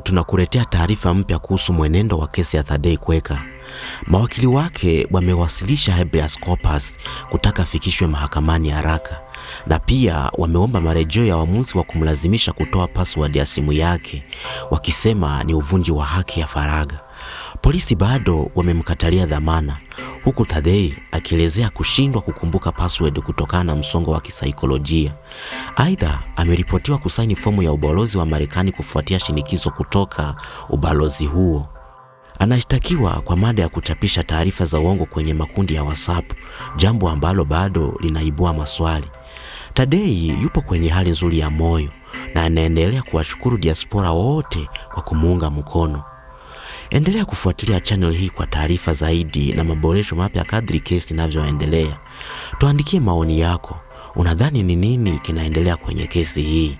tunakuletea taarifa mpya kuhusu mwenendo wa kesi ya Thadei Kweka. Mawakili wake wamewasilisha habeas corpus kutaka afikishwe mahakamani haraka, na pia wameomba marejeo ya uamuzi wa kumlazimisha kutoa password ya simu yake, wakisema ni uvunji wa haki ya faragha. Polisi bado wamemkatalia dhamana huku Tadei akielezea kushindwa kukumbuka password kutokana na msongo wa kisaikolojia. Aidha, ameripotiwa kusaini fomu ya ubalozi wa Marekani kufuatia shinikizo kutoka ubalozi huo. Anashtakiwa kwa mada ya kuchapisha taarifa za uongo kwenye makundi ya WhatsApp, jambo ambalo bado linaibua maswali. Tadei yupo kwenye hali nzuri ya moyo na anaendelea kuwashukuru diaspora wote kwa kumuunga mkono. Endelea kufuatilia channel hii kwa taarifa zaidi na maboresho mapya kadri kesi inavyoendelea. Tuandikie maoni yako, unadhani ni nini kinaendelea kwenye kesi hii?